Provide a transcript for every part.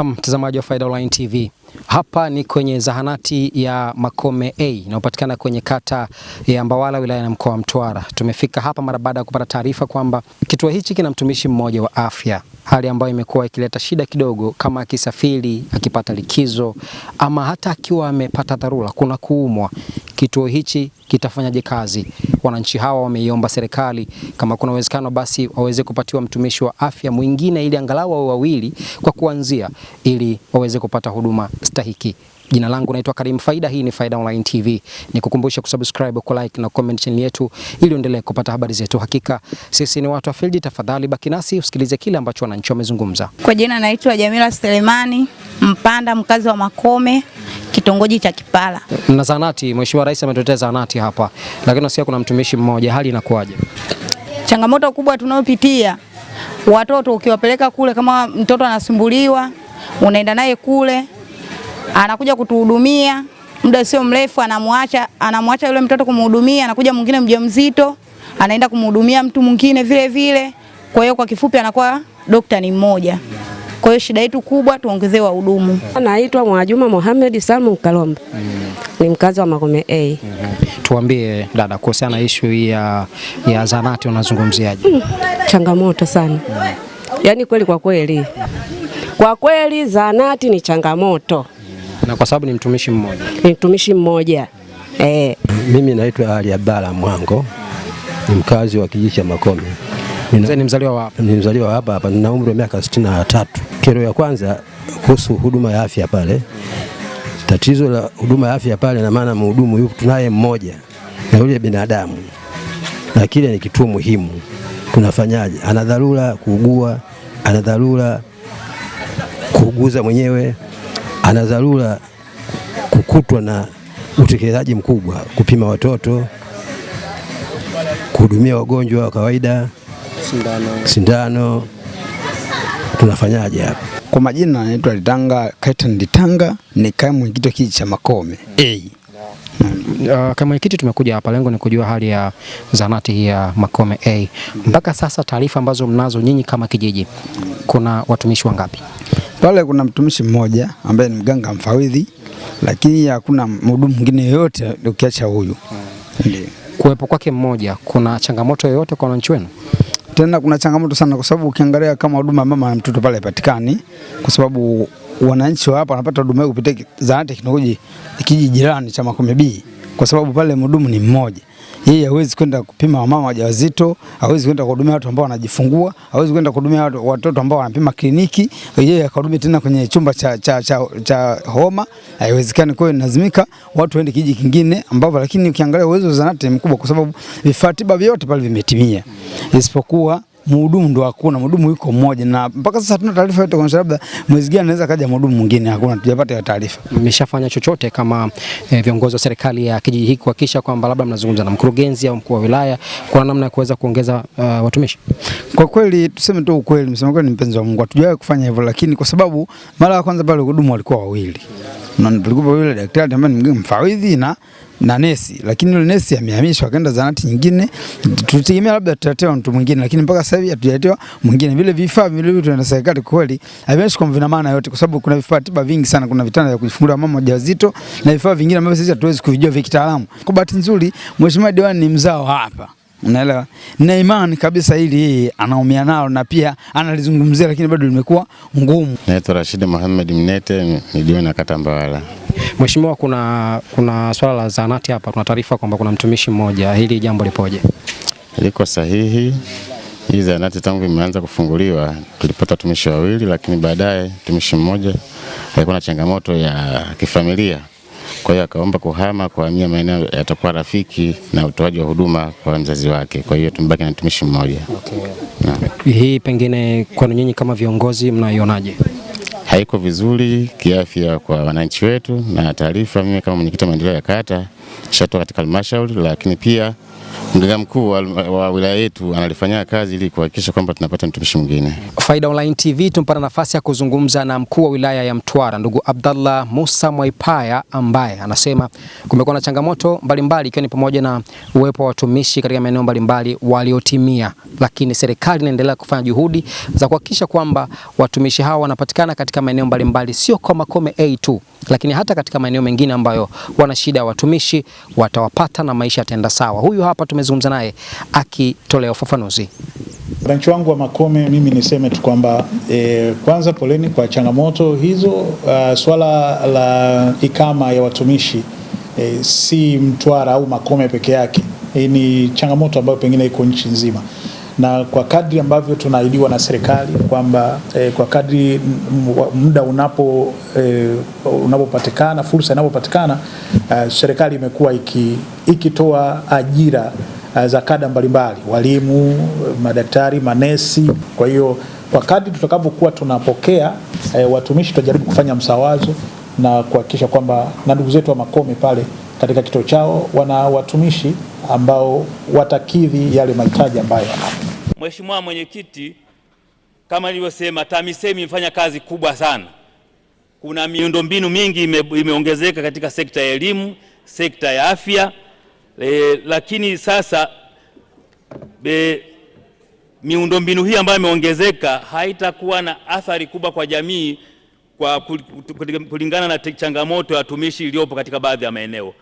Naam, mtazamaji wa Faida Online TV. Hapa ni kwenye zahanati ya Makome A inayopatikana kwenye kata ya Mbawala wilaya na mkoa wa Mtwara. Tumefika hapa mara baada ya kupata taarifa kwamba kituo hichi kina mtumishi mmoja wa afya, hali ambayo imekuwa ikileta shida kidogo, kama akisafiri, akipata likizo, ama hata akiwa amepata dharura, kuna kuumwa, kituo hichi kitafanyaje kazi? Wananchi hawa wameiomba serikali kama kuna uwezekano basi waweze kupatiwa mtumishi wa afya mwingine, ili angalau wawe wawili kwa kuanzia, ili waweze kupata huduma stahili kitita hiki. Jina langu naitwa Karim Faida, hii ni Faida Online TV. Nikukumbusha kusubscribe, ku like na comment chini yetu ili uendelee kupata habari zetu. Hakika sisi ni watu wa field, tafadhali baki nasi usikilize kile ambacho wananchi wamezungumza. Kwa jina naitwa Jamila Selemani Mpanda, mkazi wa Makome, kitongoji cha Kipala. Mna zanati, Mheshimiwa Rais ametetea zanati hapa, lakini nasikia kuna mtumishi mmoja, hali inakuwaje? Changamoto kubwa tunayopitia watoto, ukiwapeleka kule, kama mtoto anasumbuliwa, unaenda naye kule anakuja kutuhudumia, muda sio mrefu anamwacha, anamwacha yule mtoto kumhudumia, anakuja mwingine mjamzito, anaenda kumhudumia mtu mwingine vile vile. Kwa hiyo kwa kifupi anakuwa dokta ni mmoja. Kwa hiyo shida yetu kubwa tuongezee wahudumu. Naitwa Mwajuma Mohamed Salmu Kalomba. Ni mkazi wa Magome A. Mhm. Tuambie dada, kuhusiana na ishu hii ya, ya zanati unazungumziaje? Mm, changamoto sana. yani mm. Yaani kweli kwa kweli. Kwa kweli zanati ni changamoto. Na kwa sababu ni mtumishi mmoja, ni mtumishi mmoja eh. Mimi naitwa Ali Abdalla Mwango, ni mkazi wa kijiji cha Makome. Ni mzaliwa wapi? Ni mzaliwa hapa hapa, nina umri wa miaka sitini na tatu. Kero ya kwanza kuhusu huduma ya afya pale, tatizo la huduma ya afya pale, na maana mhudumu yupo tunaye mmoja na yule binadamu, na kile ni kituo muhimu. Tunafanyaje? Ana dharura kuugua, ana dharura kuuguza mwenyewe ana dharura kukutwa na utekelezaji mkubwa, kupima watoto, kuhudumia wagonjwa wa kawaida, sindano, sindano. Tunafanyaje hapa? Kwa majina naitwa Litanga Kaitan Litanga, ni kaimu mwenyekiti wa kijiji cha Makome A. Uh, kama mwenyekiti tumekuja hapa, lengo ni kujua hali ya zahanati hii ya Makome A. Mpaka sasa taarifa ambazo mnazo nyinyi kama kijiji, kuna watumishi wangapi? Pale kuna mtumishi mmoja ambaye ni mganga mfawidhi, lakini hakuna mhudumu mwingine yoyote ukiacha huyu. Ndio. Kuwepo kwake mmoja, kuna changamoto yoyote kwa wananchi wenu? Tena kuna changamoto sana, kwa sababu ukiangalia kama huduma mama na mtoto pale haipatikani, kwa sababu wananchi wa hapa wanapata huduma hiyo kupitia zahanati ya kitongoji kijiji jirani cha Makome B kwa sababu pale mhudumu ni mmoja. Yeye hawezi kwenda kupima wamama wajawazito, hawezi kwenda kuhudumia watu ambao wanajifungua, hawezi kwenda kuhudumia watoto ambao wanapima kliniki, yeye akahudumia tena kwenye chumba cha, cha, cha, cha homa, haiwezekani. Kwa hiyo lazimika watu waende kijiji kingine ambapo, lakini ukiangalia uwezo wa zahanati ni mkubwa, kwa sababu vifaa tiba vyote pale vimetimia isipokuwa mhudumu ndo hakuna mhudumu, yuko mmoja na mpaka sasa hatuna taarifa yote, kwa labda mwezi gani anaweza kaja mhudumu mwingine, hakuna, tujapata hiyo taarifa. Mmeshafanya chochote kama e, viongozi wa serikali ya kijiji hiki kuhakikisha kwamba labda mnazungumza na mkurugenzi au mkuu wa wilaya kwa namna ya kuweza kuongeza uh, watumishi? Kwa kweli tuseme tu ukweli, msema kweli, ni mpenzi wa Mungu, hatujawahi kufanya hivyo, lakini kwa sababu mara ya kwanza pale hudumu walikuwa wawili na tulikuwa yule daktari ambaye mwingine mfawidhi na na nesi, lakini yule nesi amehamishwa akaenda zahanati nyingine. tutegemea labda tutaletewa mtu mwingine, lakini mpaka sasa hivi hatujaletewa mwingine. Vile vifaa vitu na serikali kweli haviwezi kwa vina maana yote, kwa sababu kuna vifaa tiba vingi sana. Kuna vitanda vya kujifungulia mama wajawazito na vifaa vingine ambavyo sisi hatuwezi kuvijua vya kitaalamu. Kwa bahati nzuri, mheshimiwa diwani ni mzao hapa Unaelewa? Na imani kabisa hili anaumia nalo na pia analizungumzia lakini bado limekuwa ngumu. Naitwa Rashid Mohamed Mnete, ni diwani wa kata Mbawala. Mheshimiwa, kuna, kuna swala la zahanati hapa, tuna taarifa kwamba kuna mtumishi mmoja, hili jambo lipoje? Liko sahihi. Hii zahanati tangu imeanza kufunguliwa tulipata watumishi wawili, lakini baadaye mtumishi mmoja alikuwa na changamoto ya kifamilia kwa hiyo akaomba kuhama kuhamia maeneo yatakuwa rafiki na utoaji wa huduma kwa mzazi wake. Kwa hiyo tumebaki na mtumishi mmoja. Okay. Hii pengine kwa nyinyi kama viongozi mnaionaje? Haiko vizuri kiafya kwa wananchi wetu, na taarifa mimi kama mwenyekiti wa maendeleo ya kata shatoka katika halmashauri, lakini pia mganga mkuu wa, wa wilaya yetu analifanya kazi ili kuhakikisha kwamba tunapata mtumishi mwingine. Faida Online TV tumpata nafasi ya kuzungumza na mkuu wa wilaya ya Mtwara ndugu Abdallah Musa Mwaipaya ambaye anasema kumekuwa na changamoto mbalimbali ikiwa ni pamoja na uwepo wa watumishi katika maeneo mbalimbali waliotimia, lakini serikali inaendelea kufanya juhudi za kuhakikisha kwamba watumishi hawa wanapatikana katika maeneo mbalimbali, sio kwa Makome A tu lakini hata katika maeneo mengine ambayo wana shida ya watumishi watawapata na maisha yataenda sawa. Huyu hapa tumezungumza naye akitolea ufafanuzi. Wananchi wangu wa Makome, mimi niseme tu kwamba e, kwanza poleni kwa changamoto hizo. Uh, swala la ikama ya watumishi e, si Mtwara au Makome peke yake. E, ni changamoto ambayo pengine iko nchi nzima na kwa kadri ambavyo tunaahidiwa na serikali kwamba eh, kwa kadri muda unapo eh, unapopatikana fursa inapopatikana eh, serikali imekuwa iki, ikitoa ajira eh, za kada mbalimbali, walimu, madaktari, manesi. Kwa hiyo kwa kadri tutakavyokuwa tunapokea eh, watumishi tutajaribu kufanya msawazo na kuhakikisha kwamba na ndugu zetu wa Makome pale katika kituo chao wana watumishi ambao watakidhi yale mahitaji ambayo Mheshimiwa Mwenyekiti, kama nilivyosema, TAMISEMI imefanya kazi kubwa sana. Kuna miundombinu mingi ime, imeongezeka katika sekta ya elimu, sekta ya afya e, lakini sasa e, miundombinu hii ambayo imeongezeka haitakuwa na athari kubwa kwa jamii kwa kulingana na changamoto ya watumishi iliyopo katika baadhi ya maeneo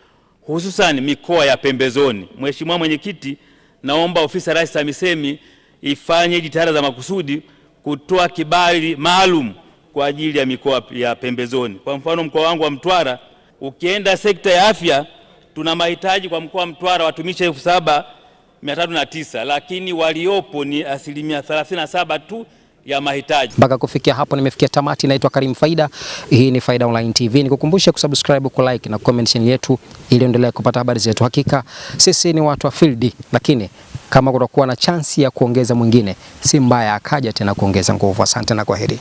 hususan mikoa ya pembezoni. Mheshimiwa Mwenyekiti, naomba ofisi ya Rais TAMISEMI ifanye jitihada za makusudi kutoa kibali maalum kwa ajili ya mikoa ya pembezoni. Kwa mfano, mkoa wangu wa Mtwara, ukienda sekta ya afya, tuna mahitaji kwa mkoa wa Mtwara watumishi elfu saba mia tatu na tisa, lakini waliopo ni asilimia 37 tu ya mahitaji. Mpaka kufikia hapo nimefikia tamati. Naitwa Karim Faida, hii ni Faida Online TV. Nikukumbushe kusubscribe, ku like na comment yetu ili endelea kupata habari zetu. Hakika sisi ni watu wa field, lakini kama kutakuwa na chansi ya kuongeza mwingine, si mbaya akaja tena kuongeza nguvu. Asante na kwaheri.